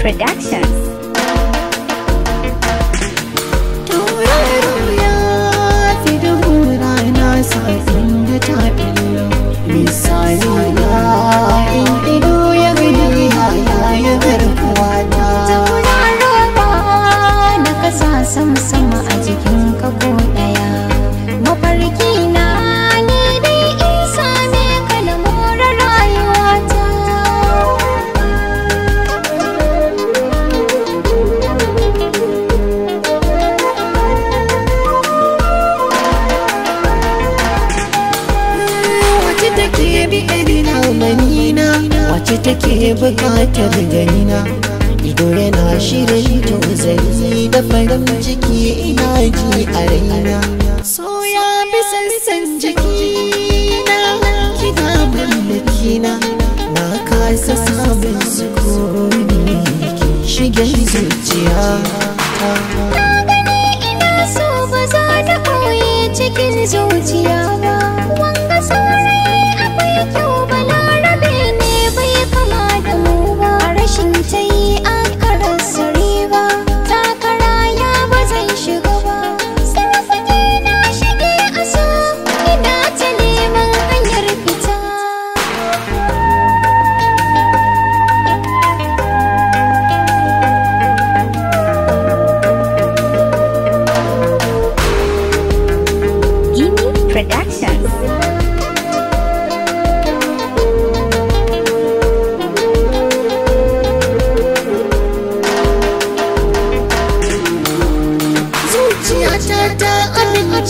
Productions. abina manina wace take bukatar ganina ido yana shirin tozari da farin ciki ina ji a raina soya bisan san jikina kina mallakina na kasa samun sukuni shigen zuciya ta gani ina so ba za ta ɓoye cikin zuciya ba wanga saurayi Thank you.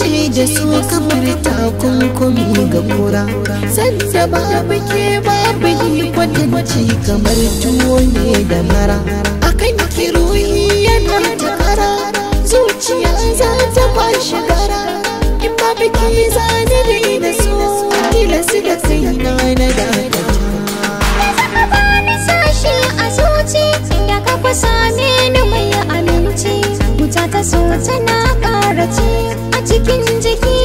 ce da su kamar takunkumi ga kura sanda babu ke babu yi kwatanci kamar tuwo ne da mara akan kiroyi yana kara zuciya za ta ba shigara in babu ke zane ne na so kila su da kai na na da Same ni mai wuta ta race a cikin jiki